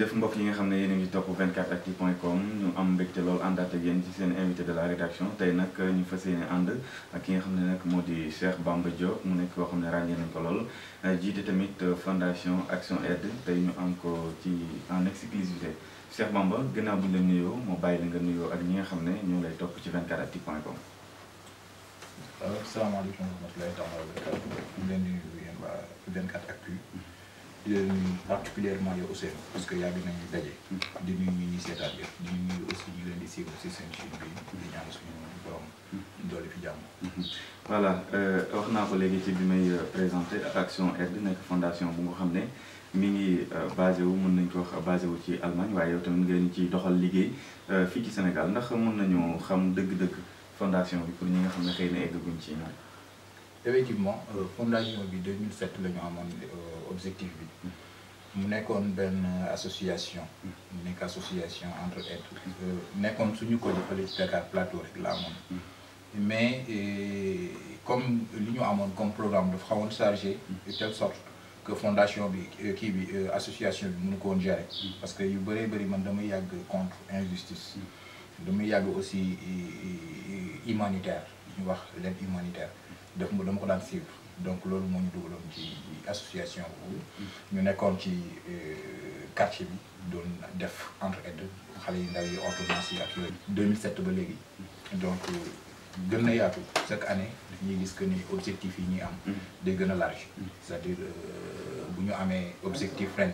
def mbokk yi nga xam ne yéen a ngi topp 24actu point com ñu am mbégte lool àndaat ci seen invité de la rédaction tey nag ñu fas yéene ànd ak ki nga xam ne nag moo di Cheikh Bamba Diop mu nekk koo xam ne ràññee nañ ko lool euh, jiite tamit euh, fondation Action Aide tey ñu am ko ci en exclusivité Cheikh Bamba gannaaw bu ñu la nuyoo moo bàyyi la nga nuyoo ak ñi nga xam ne ñoo lay topp ci 24actu point com. Euh, waaw di leen particulièrement yow Ousseynou parce que yàgg nañu daje. di nuyu ñu ñuy seetaat yëpp di nuyu aussi ñu leen di suivre di ñaan suñu borom doole fi jàmm. voilà euh, wax naa ko léegi ci bi may euh, présenté ak Action Aide nekk fondation bu nga xam ne mi ngi euh, basé wu mën nañ ko wax basé wu ci Allemagne waaye yow tamit ngeen ci doxal liggéey fii ci Sénégal ndax mën nañu xam dëgg-dëgg fondation bi pour ñi nga xam ne xëy na eggaguñ ci ñoom. effectivement fondation bi 2007 la ñu amoon. objectif bi mu nekkoon benn association mu nekk association entre être euh, nekkoon suñu ko fële ci Dakar plateau rek la amoon mais euh, comme li ñu amoon comme programme dafa xawoon chargé de telle sorte que fondation bi euh, kii bi association bi mënu ko woon gérer parce que yu bëree bëri man damay yàgg contre injustice damay yàgg aussi humanitaire ñu wax l'aide humanitaire def dama ko daan suivre donc loolu moo ñu dugaloon ci association boobu ñu nekkoon ci euh, quartier bi doon def entre aide xale yi ndaw yi ordonnance yi ak yooyu 2007 ba léegi donc gën na yaatu chaque année dañuy gis que ni objectif yi ñuy am mm. day gën a large mm. c'est-à-dire euh, bu ñu amee objectif mm. ren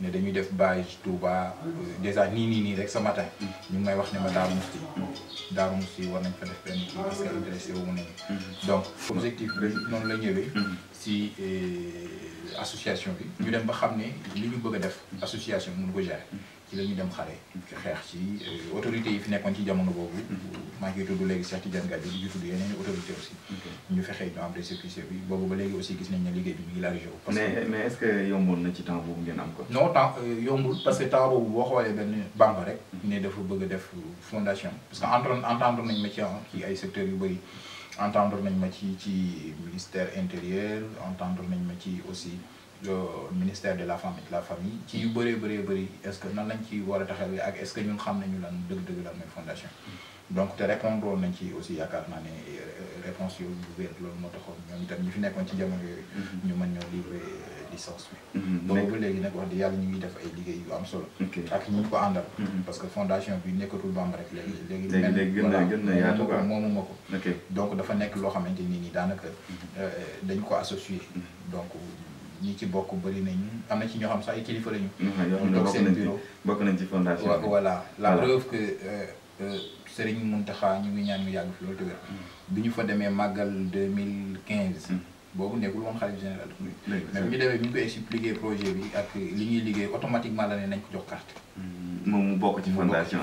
ne dañuy def bâche Touba euh, déjà nii nii nii rek ce matin ñu may wax ne ma Daaru Musti daal Musti war nañ fa def benn kii parce que intéressé wu nañu donc objectif noonu la ñëwee si euh, association bi ñu dem ba xam ne li ñu bëgg a def association mun ko gérer ci la ñu dem xare xeex ci autorités yi fi nekkoon ci jamono boobu maa ngi tudd léegi Cheikh Tidiane Gadio ñu tudd yeneen autorité aussi ñu fexee ñu am récépissé bi boobu ba léegi aussi gis nañ ne liggéey bi mu ngi largé que mais est yomboon na ci temps boobu ngeen am ko non temps euh, yombul parce que temps boobu boo xoolee benn banque rek ne dafa bëgg a def fondation parce que entendre nañ ma ci ah, ci ay secteurs yu bëri entendre nañ ma ci ci ministère intérieur entendre nañ ma ci aussi ministère de la famille la famille ci yu bëree bëree bëri est ce que nan lañ ci war a taxawee ak est ce que xam nañu lan dëgg-dëgg lan mooy donc te répondre nañ ci aussi yaakaar naa ne euh, réponse yooyu bu loolu moo taxoon ñoom itam ñu fi nekkoon ci jamono yooyu. Mm-hmm. ñu man ñoo livré licence bi. Mm-hmm. boobu ba léegi nag wax di yàlla ñu ngi def ay liggéey yu am solo. ak ñu ko àndal. Mm-hmm. parce que fondation bi nekkatul Bamba rek léegi. léegi léegi gën na gën na yaatu quoi moomu ma ko. donc dafa nekk loo xamante ni nii daanaka euh, dañ ko associé. donc ñi ci bokk bëri nañu am na ci ñoo xam sax ay kilifa lañu. ñu toog seen bureau bokk nañ ci fondation bi la preuve que. Euh, Serigne Mountakha ñu ngi ñaan mu yàgg fi loolu te mm. bi ñu fa demee màggal deux mille quinze. Mm. boobu nekkul woon xalif général mais bu ñu demee bi ñu ko expliqué projet bi ak li liggéey automatiquement la ko jox carte mmh. moom mu bokk ci fondation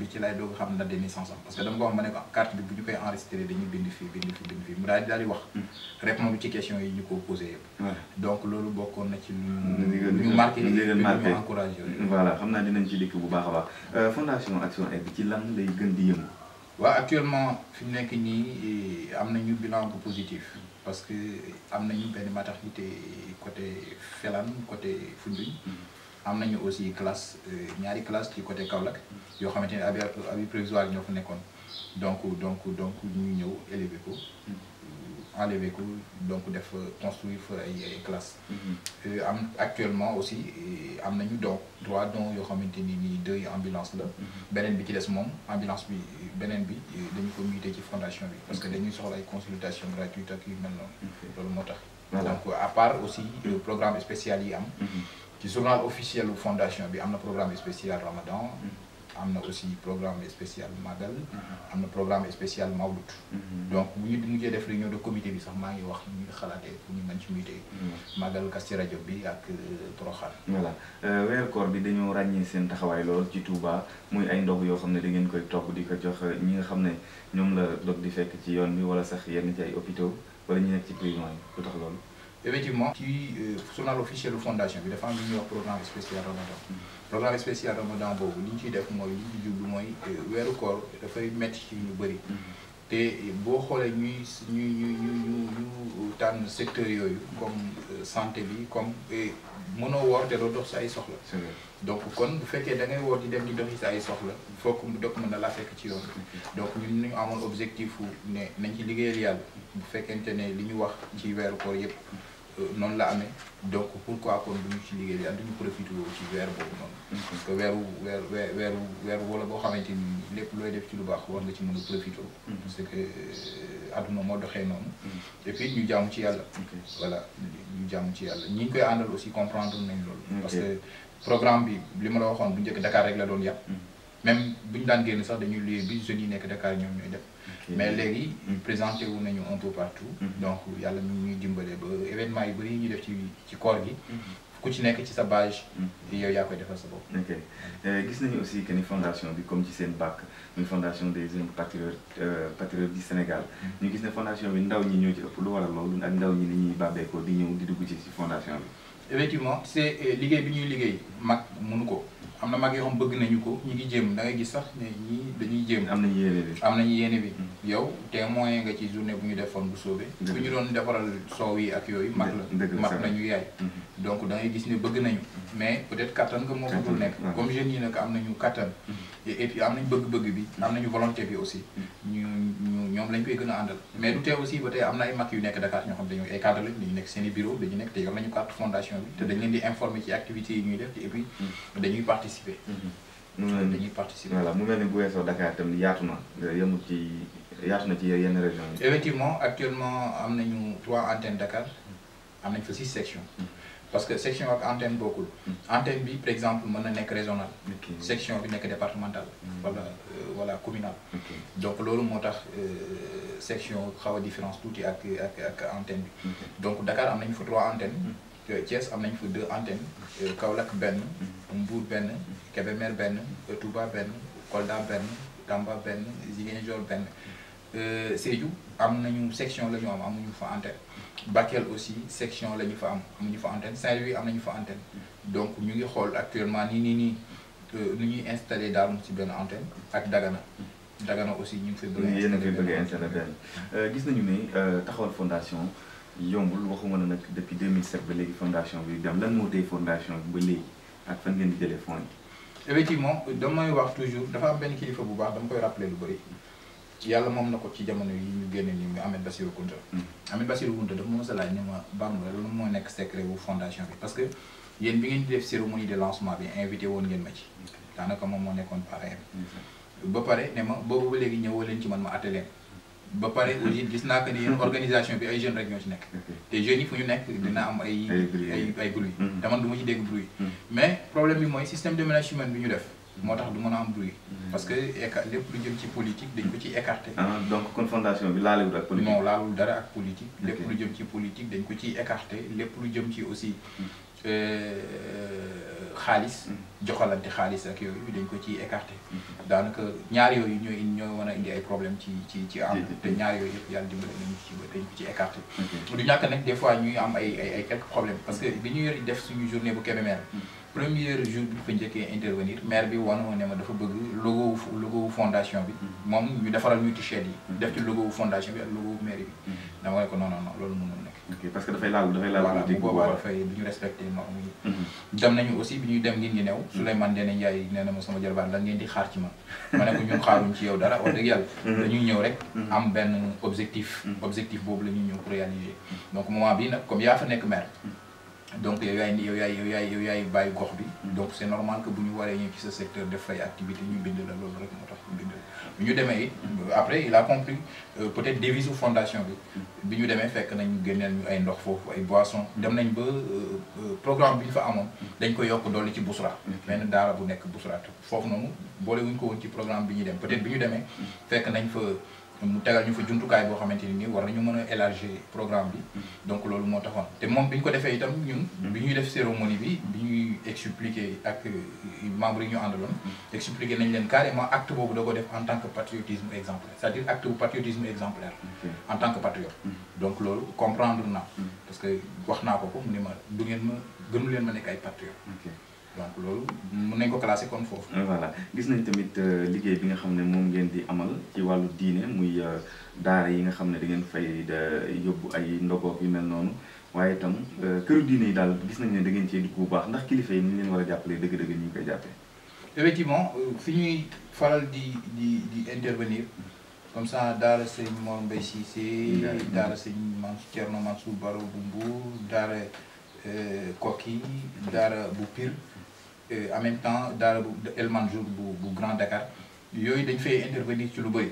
bi ci lay xam na de naissance am parce que ah, ñu mu daal daal mmh. yi ñu ko posé yëpp loolu bokkoon na ci lu ñu marqué xam naa dinañ ci dikk bu baax a baax euh, fondation Action Aide bi ci lan lay gën di yëngu waaw actuellement fi mu nekk nii eh, am nañu bilan bu positif parce que am nañu benn maternité côté Felane côté Foundiougne mm-hmm. am nañu aussi classe eh, ñaari classe ci côté Kaolack yoo xamante ne abri provisoire ñoo fa nekkoon donc donc donc ñu ñëw élever ko mm-hmm. enlever ko donc def construire fa ay ay classes. Mhm. Euh, am actuellement aussi euh, am nañu donc trois dons yoo xamante ni nii de yi ambulance la. Mhm. beneen bi ci des moom ambulance bi beneen bi euh, dañu ko muté ci fondation bi. parce que dañuy soxla ay consultation gratuite ak yu noonu. loolu moo tax. donc à part aussi le programme spécial yi am. Mhm. ci journal officiel fondation bi am na programme spécial Ramadan. am na aussi programme spécial Magal. Mhm. am na programme spécial Mawlud. Mhm. donc bu ñu mujjee def réunion de comité bi sax maa ngi wax ñu xalaatee pour ñu mën ci muté. Mhm. Magal kas ci rajo bi ak euh, Proxal. voilà euh, weeru koor bi dañoo ràññee seen taxawaay lool ci Touba mooy ay ndog yoo xam ne da ngeen koy togg di ko jox euh, ñi nga xam ne ñoom la dog di fekk ci yoon bi wala sax yenn ci ay hôpitaux wala ñu nekk ci prison yi lu tax loolu. effectivement ci journal euh, officiel fondation bi dafa am lu ñuy wax programme spécial ramadan programme spécial ramadan boobu li ñu ciy def mooy li ñu ci jublu mooy euh, weeru koor dafay métti ci ñu bëri te euh, boo xoolee ñuy ñu ñu tànn secteur yooyu comme santé bi comme mënoo woor te doo dox sa ay soxla donc kon bu fekkee da ngay woor di dem di doxi sa ay soxla fokk mu dog mën na la fekk ci yoon donc ñun ñu amoon objectif ne nañ ci liggéeyal yàlla bu fekkente ne li ñu wax ci weeru koor yëpp Euh, noonu la amee donc pourquoi kon duñu ci liggéey bi am duñu profité ci weer boobu noonu mm-hmm. parce weeru weeru weer weer weeru weer wala boo xamante ni lépp looy def ci lu baax war nga ci mën a profité mm-hmm. parce que adduna euh, moo doxee noonu mm-hmm. et puis ñu jaamu ci yàlla voilà ñu jaamu ci yàlla ñi ñu koy àndal aussi comprendre nañ loolu parce que programme bi li ma la waxoon bu njëkk Dakar rek la doon yàpp même bu ñu daan génn sax dañuy luyee bi jeunes yi nekk Dakar ñoom ñooy def Mm-hmm. mais léegi présenté wu nañu un partout mm-hmm. donc yàlla ñu ñuy dimbale ba événement yu bëri ñu def ci ci koor gi mm-hmm. ku ci nekk ci sa bâche. yow yaa koy defal sa bopp. ok euh, gis nañu aussi que ni fondation bi comme ci seen bàkk muy fondation des jeunes patriotes euh, patriotes du Sénégal. ñu gis ne fondation bi ndaw ñi ñëw ci ëpp lu war a loolu ak ndaw ñi ni ñuy bàbbeekoo di ñëw di dugg ci fondation bi. effectivement c'est euh, liggéey bi ñuy liggéey mag mënu ko am na mag yoo xam bëgg nañu ko ñu ngi jéem da ngay gis sax ne ñii dañuy jéem. am nañu yéene bi am nañu yéene bi. Mm-hmm. yow témoin nga ci journée bu ñu defoon bu soobee. bu ñu doon defaral soow yi ak yooyu. mag la mag nañu yaay. Mm-hmm. donc da ngay gis ni bëgg nañu mais peut-être kattan nga moo fadul nekk comme jeunes yi nag am nañu kattan mm-hmm. et puis am nañu bëgg-bëgg bi am nañu volonté bi aussi mm-hmm. ñu ñu ñoom lañ koy gën a àndal mais du tee aussi ba tey am na ay mag yu nekk Dakar ñoo xam dañu nekk seen i bureau dañu nekk te yor nañu carte fondation bi te dañ leen di informer ci activités yi ñuy def et puis mm-hmm. dañuy participer mu mel ni dañuy participer voilà mu mel ni bu weesoo Dakar itam na yemul ci yaatu na ci effectivement actuellement am nañu trois antennes Dakar am nañ fa six sections parce que section ak antenne bokkul. Hmm. antenne bi par exemple mën na nekk régional. section bi nekk départemental. Hmm. wala euh, wala communal. donc loolu moo tax euh, section xaw différence tuuti ak ak ak antenne bi. donc Dakar am nañ fa trois antennes. Hmm. Euh, Thiès am nañ fa deux antennes. Kaolack benn. Mbour benn. Kébémer benn. Touba benn. Kolda benn. Tamba benn Ziguinchor benn. Euh, Sédhiou am nañu section la ñu am amuñu fa antenne Bakel aussi section la ñu fa am amuñu fa antenne Saint-Louis am nañu fa antenne donc ñu ngi xool actuellement nii nii nii nu ñuy installé daal ci benn antenne ak Dagana Dagana aussi ñu ngi fay yéen a ngi bëgg installé euh, gis nañu ne euh, taxawal fondation yombul waxuma na nag depuis 2007 ba léegi fondation bi dem lan moo tey fondation bi ba léegi ak fan ngeen di jëlee fonds yi effectivement damay wax toujours dafa am benn kilifa bu baax dama koy rappelé lu bëri yàlla moom na ko ci jamono yi ñu génne nii muy Ahmed Bassirou Kounta. Mm. Ahmed Bassirou Kounta dafa mos a laaj ni ma Bamba lan moo nekk secret wu fondation bi parce que yéen bi ngeen di def cérémonie de lancement bi invité woon ngeen ma ci. daanaka moom moo nekkoon parrain mm-hmm. ba pare ne ma boobu ba léegi ñëwoo leen ci man ma atte leen ba pare aussi gis naa que ni yéen organisation bi ay jeunes rek ñoo ci nekk. te jeunes ñu nekk dina am ay. ay ay bruit te mm-hmm. man du ma ci dégg bruit. m mm-hmm. problème bi ñu def. moo tax du mën a am bruit. Mm-hmm. parce que éca lépp lu jëm ci politique dañ ko ci écarté. Ah, donc confrontation bi laalewul ak politique. non laalul dara ak lépp lu jëm ci politique dañ ko ciy écarté lépp lu jëm ci aussi mm-hmm. euh, xaalis. Mm-hmm. joxalante xaalis ak yooyu dañ ko ciy écarté. daanaka ñaar yooyu ñooy ñooy mën a indi ay problème ci ci ci am. te ñaar yooyu yëpp yàlla dimbali nañu ci ba dañ ko ci écarté. du ñàkk nag des ñuy am ay ay ay parce que bi ñuy def suñu journée bu Kébémer. première jour bi fa njëkkee intervenir maire bi wan ne ma dafa bëgg logo logo fondation bi. Mm-hmm. moom ñu defaral ñu t-shirt yi. Mm-hmm. def ci logo fondation bi ak logo mairie bi. Mm-hmm. dama ko non non loolu mënul nekk. ok parce que dafay laal dafay laal. voilà bu boobaa dafay ñu respecté normes yi. dem nañu bi ñuy dem ngir ñu new. Souleymane Ndéné Ndiaye nee na ma sama jarbaat lan ngeen di xaar ci ma. ma ne ko ñun xaaruñ ci yow dara wax dëgg yàlla. dañuy ñëw rek. am benn objectif. boobu la ñuy ñëw pour réaliser. donc moment bi nag comme yaa fa nekk maire. donc yow yaay yow yaay yow yaay yow yaay gox bi donc c' est normal que bu ñu waree ñu ci sa secteur def fay activité ñu bind la loolu rek moo tax ñu la ñu demee après il a compris euh, peut être devise u fondation bi bi ñu demee fekk nañ génneel ñu ay ndox foofu ay boissons dem nañ ba euh, euh, programme bi ñu fa amoon dañ ko yokk dolli ci Bousra benn daara bu nekk Bousra foofu noonu boole wuñ ko woon ci programme bi ñuy dem peut être bi ñu demee fekk nañ fa mu tegal ñu fa jumtukaay boo xamante ni war nañu mën a élargir programme bi mm-hmm. donc loolu moo tax taxoon te moom bi ñu ko defee itam ñun mm-hmm. bi ñuy def cérémonie bi bi ñuy expliquer ak euh, membre yi ñu àndaloon mm-hmm. expliquer nañ leen carrément acte boobu da ko def en tant que patriotisme exemplaire c'est-à-dire acte bu patriotisme exemplaire en tant que patriote donc loolu comprendre naa parce que wax naa ko ko mu ma du ngeen ma gënu leen ma nekk ay patriote donc loolu mun nañ ko classé comme foofu. Euh, voilà gis nañ tamit euh, liggéey bi nga xam ne moom ngeen di amal ci wàllu diine muy euh, daara yi nga xam ne da ngeen fay yóbbu ay ndogoog yu mel noonu waaye itam këru diine yi daal gis nañ ne da ngeen cee dugg bu baax ndax kilifa yi ni leen war a jàppalee dëgg-dëgg ñu ngi koy jàppee. effectivement fi ñuy faral di di di intervenir comme ça daara sëñ Mor Mbaye Cissé. daara sëñ Mansour Thierno Mansour Baro bu Mbour daara Kokki mm-hmm. daara Euh, en même temps daara bu El Manjour bu bu Grand Dakar yooyu dañ fay intervenir ci lu bëri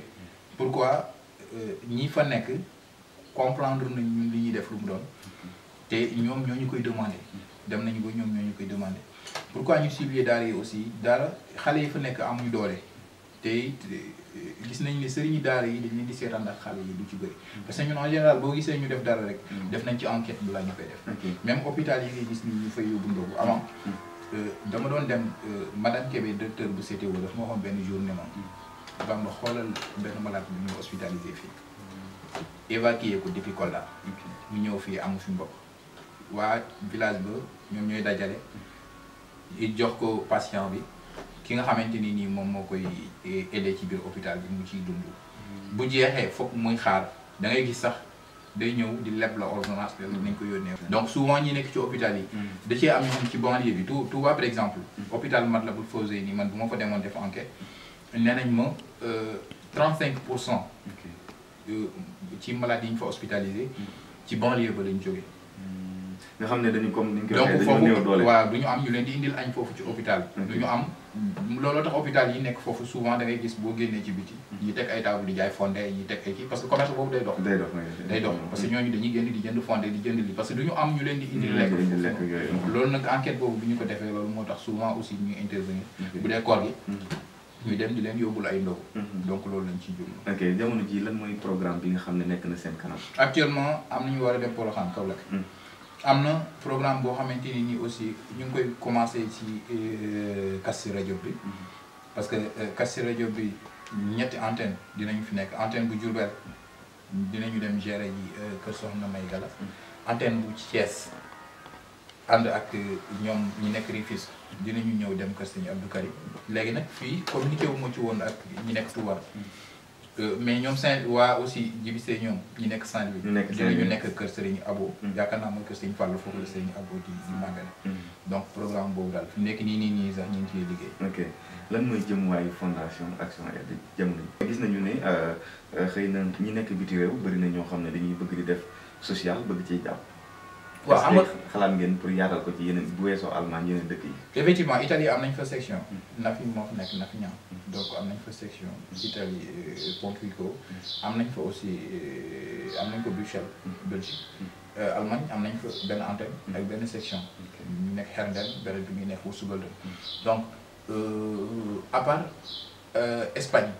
pourquoi euh, ñi fa nekk comprendre nañ li ñuy def lu mu doon te ñoom ñoo ñu koy demandé dem nañu ba ñoom ñoo ñu koy demandé pourquoi ñu ciblé daal yi aussi daara xale yi fa nekk amuñu doole te euh, gis nañ ne sëriñu daara yi dañ leen di seetaan ak xale yi du ci bëri parce que ñun en général boo gisee ñu def dara rek mm. def nañ ci enquête bi la ñu koy def même hôpital yi ngay gis ñu Euh, dama doon dem euh, madame Kébé docteur bu CTO daf moo waxoon benn jour ne ma Bamba xoolal benn malade bi ñu hospitalisé fii évacué ko depuis Kolda mu ñëw fii amu fi mbokk waa village ba ñoom ñooy dajale di jox ko patient bi ki nga xamante ni nii moom moo koy eh, aidé ci biir hôpital bi mu ciy dund hmm. bu jeexee foog muy xaar da gis sax day ñëw di leb la ordonnance bi nañ ko yónnee mm. donc souvent ñi nekk ci hôpital yi mm. da cee am ñoom ci banlieue bi tout Touba par exemple mm. hôpital Matlaboul Fawzeyni man bu ma ko demoon def enquête nee nañ ma 35 euh, pour cent ci malade yi ñu fa hospitalisé ci banlieue ba lañ jógee nga xam ne dañu comme ni ñu koy am ñu leen di indil añ foofu ci hôpital mhm. du ñu am looloo tax hôpital yi nekk foofu souvent da gis boo génnee ci biti mhm. ñi teg ay table di jaay fondé ñi teg ay kii loolu nag enquête boobu bi ñu ko defee loolu moo tax souvent aussi ñu intervenir bu dee koor gi mhm. ñu dem di leen yóbbul ay ndogu donc loolu lañ ciy jublu ok jamono ji lan mooy programme bi nga xam ne nekk na seen kanam actuellement am nañu war a dem am na programme boo xamante ni nii aussi ñu ngi koy commencé ci euh, Kassi rajo bi mm-hmm. parce que euh, Kassi rajo bi ñetti antenne dinañu fi nekk antenne bu Diourbel dinañu dem gérer yi euh, Kër Soxna May Gala mm-hmm. antenne bu cees ànd ak ñoom ñi nekk Rufisque dinañu ñëw dem Kër Sëñ Abdou Karim léegi nag fii communiqué wu ma ci woon ak ñi nekk Touba mm-hmm. Euh, mais ñoom Saint waa aussi jibisee ñoom ñi nekk Saint-Louis. ñu nekk Saint-Louis nekk kër Serigne Abo. Mm. yaakaar naa mooy kër Serigne Fallou foofu la Serigne Abo di di màggal. Mm. Mm. donc programme boobu daal fi nekk nii nii nii sax ñu ngi ciy liggéey. ok lan mooy jëmuwaayu fondation Action Aide jamono ji. gis nañu ne euh, euh, xëy na ñi nekk biti réew bëri na ñoo xam ne dañuy bëgg di def social bëgg ciy jàpp. waa am na xalaat ngeen pour yaatal ko ci yeneen bu weesoo Allemagne yeneen dëkk yi. effectivement Italie am nañ fa section. Hmm. Nafi moo fa nekk Nafi ñaar. Hmm. donc am nañ fa section. Italie euh, Pontevico. Hmm. am nañ fa aussi euh, am nañ ko Bruxelles. Belgique. Euh, Allemagne am nañ fa benn antenne. ak benn section. ñu nekk Hernden benn bi ñu nekk Wusubalden. donc à Espagne.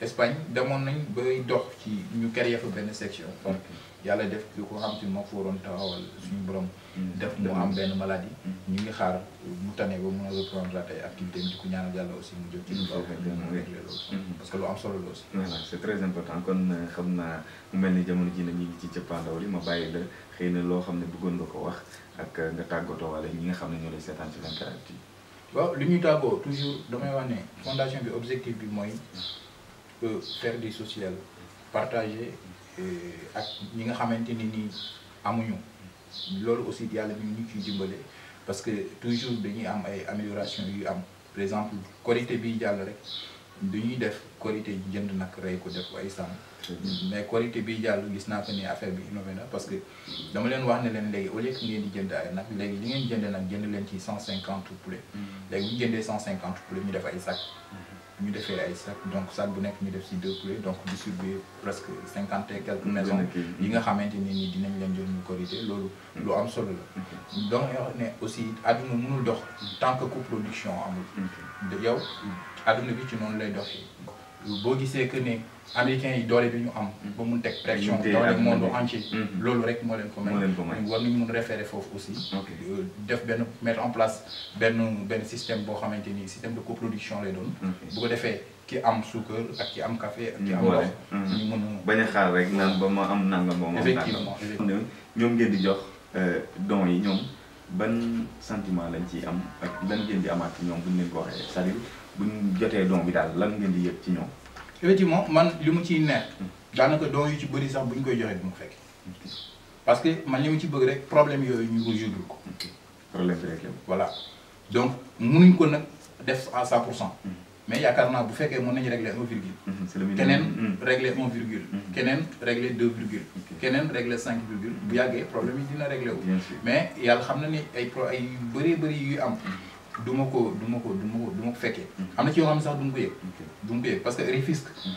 Espagne demoon nañ bay dox ci ñu créé fa benn section far mm. yàlla def ki ko xam te moo fooroon taxawal suñu borom mm. def mu am benn maladie mm. ñu ngi xaar mu tane ba mën a reprendre ay activité di ko ñaanal aussi mu jot ci loolu parce que lu am solo la aussi voilà c'est très important kon euh, xam naa mu mel ni jamono ji na ñu ngi ci cëppaandaw li ma bàyyi la xëy na loo xam ne bëggoon nga ko wax ak euh, nga tàggatoo wala ñi nga xam ne ñoo lay seetaan ci 24actu yi waaw li ñuy tàggoo toujours damay wax ne fondation bi mooy faire du social partager euh, ak ñi nga xamante ni nii amuñu loolu aussi yàlla mi ngi ñu ciy dimbale parce que toujours dañuy am ay amélioration yu am par exemple korité bi jàll rek ñuy def korité jënd nag rey ko def ay sàmm mais korité bi jàll gis naa ko ni affaire bi innové na parce que dama leen wax ne leen léegi au lieu ngeen di jënd ay nag léegi li ngeen jëndee nag jënd leen ci cent cinquante poulet mm. léegi ñu jëndee cent cinquante poulet ñu def ay sac mm-hmm. ñu defee ay sac donc sac bu nekk ñu def si deux poulet donc distribuer presque cinquante et quelques maisons yi nga xamante ni nii dinañ leen jox ñu korité loolu hmm. lu am solo la donc ne aussi adduna mënul dox tant que production amul yow adduna bi ci noonu lay doxee boo gisee que ne américains yi doole bi ñu am. Mm. ba mun teg pression doole monde entier. Mm-hmm. loolu rek moo leen ko may. war nañu mun référé foofu aussi. Euh, def benn mettre en place benn benn système boo xamante ni système de coproduction lay doon. bu ko defee ki am suukar ak ki am café ak ki am ndox. Mm-hmm. ñu mun a bañ a xaar rek naan ba ma am nangam ba ma am effectivement ñoom ngeen di jox euh, don yi ñoom ban sentiment lañ ciy am ak lan ngeen di amaat ñoom buñ leen ko waxee c'est-à-dire bu ñu jotee don bi daal lan ngeen di yëg ci ñoom. effectivement man li mu ciy neex. daanaka don yu ci bëri sax bu ñu koy joxee bu mu fekk. parce que man li mu ci bëgg rek problème yooyu ñu résoudre ko. problème bi rek voilà donc mënuñ ko nag def à 100 pour cent. Mm. mais yaakaar naa bu fekkee mën nañu régler 1 virgule. Mm-hmm, mm. mm-hmm. keneen régler 1 virgule. keneen régler 2 virgule. keneen régler 5 virgule bu yàggee problème yi dina régler wu. mais yàlla xam na ni ay pro ay yu bëri yu am. Mm-hmm. du ma ko duma ko du ko du ma ko fekkee. Mm-hmm. am na sax du ma ko yëg. ko yëg parce que Rufisque. Mm-hmm.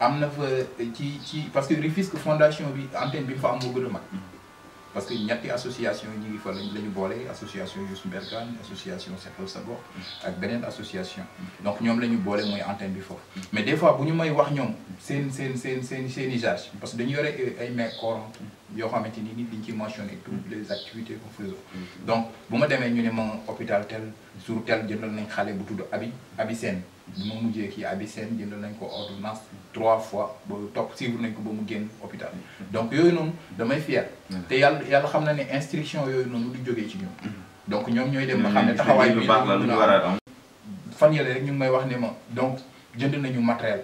am na fa eh, ci ci parce que Rufisque fondation bi antenne bi mu fa am moo gën a mag. Mm-hmm. parce que ñetti association ñi ngi fa lañ la ñu boole association Youssou Mbergane association Seqal sa Gox ak beneen association donc ñoom la ñu boole mooy antenne bi foofu mais des fois bu ñu may wax ñoom seen seen seen seen seen usage parce que dañu yore ay mains courantes yoo xamante ni nii dañ ci mentionné toutes mm-hmm. les activités que mm-hmm. donc bu ma demee ñu ne ma hôpital tel sur tel jëndal nañ xale bu tudd abi abi seen mm-hmm. bi ma mujjee abi seen jëndal nañ ko ordonnance trois fois ba topp suivre nañ ko ba mu génn hôpital donc yooyu noonu damay fier te yàlla yàlla xam na ne instruction yooyu noonu du jógee ci ñoom donc ñoom ñooy dem ba xam ne taxawaay bi fan yële rek ñu ngi may wax ne ma donc jënd nañu matériel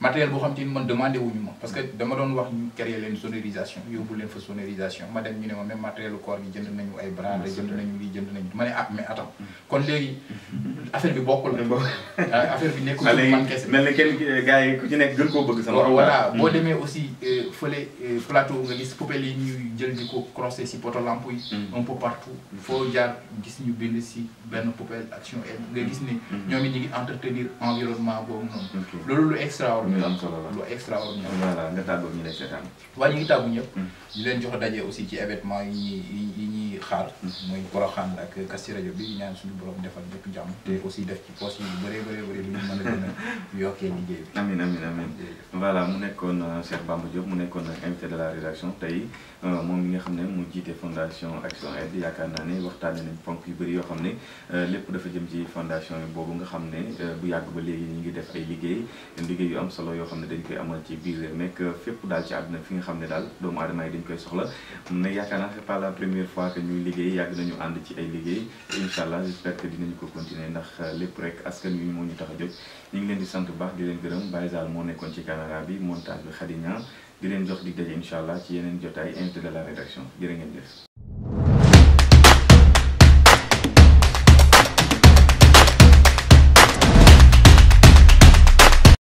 matériel boo xam te ni man demandé wuñu ma parce que dama doon wax ñu créer leen sonorisation yóbbu leen fa sonorisation ma dem ñu ne ma même matériel koor jënd nañu ay brand jënd nañu lii jënd nañu ma ne ah mais attends kon léegi affaire bi bokkul la ah, affaire bi nekkul man kese mel na kenn gars yi nekk gën koo bëgg sama voilà hmm. boo demee aussi euh, fële euh, plateau nga gis poubelle yi ñuy jël di ko crossé si poto lamp yi hmm. un peu partout foo jaar gis ñu bind si benn poubelle action aide nga gis ne hmm. ñoom extraordinaire am solo la lu extraordinaire voilà nga tàggoo ñu lay seetaan waaye ngi tàggu ñëpp ñu mm. leen jox daje aussi ci événement yi ñuy di xaar mooy Porokhane ak Kazu Rajab bi ñaan suñu borom defal ñëpp te aussi def ci poste yu bëree bëree bëri lu ñu mën a gën a yokkee liggéey bi amin amin amin voilà mu nekkoon euh, Cheikh Bamba Diop euh, euh, mi nga xam ne mu jiite fondation Action Aide yaakaar naa ne waxtaane nañ ponk yu bëri yoo xam ne lépp dafa jëm ci fondation boobu nga xam ne bu yàgg ba léegi ñu ngi def ay liggéey liggéey yu am solo yoo xam ne dañ koy amal ci biir nekk fépp daal ci àdduna fi nga xam ne daal doomu aadama yi dañ koy soxla ne yaakaar naa c'est pas la première fois ñuy liggéey yàgg nañu ànd ci ay liggéey incha allah j'espère que dinañu ko continuer ndax euh, lépp rek askan wi moo ñu tax a jóg ñu ngi leen di sant bu baax di leen gërëm Baye Zal moo nekkoon ci caméra bi montage bi Khady Niang di leen jox dig daje incha ci yeneen jotaay invité de la rédaction jërë ngeen jëf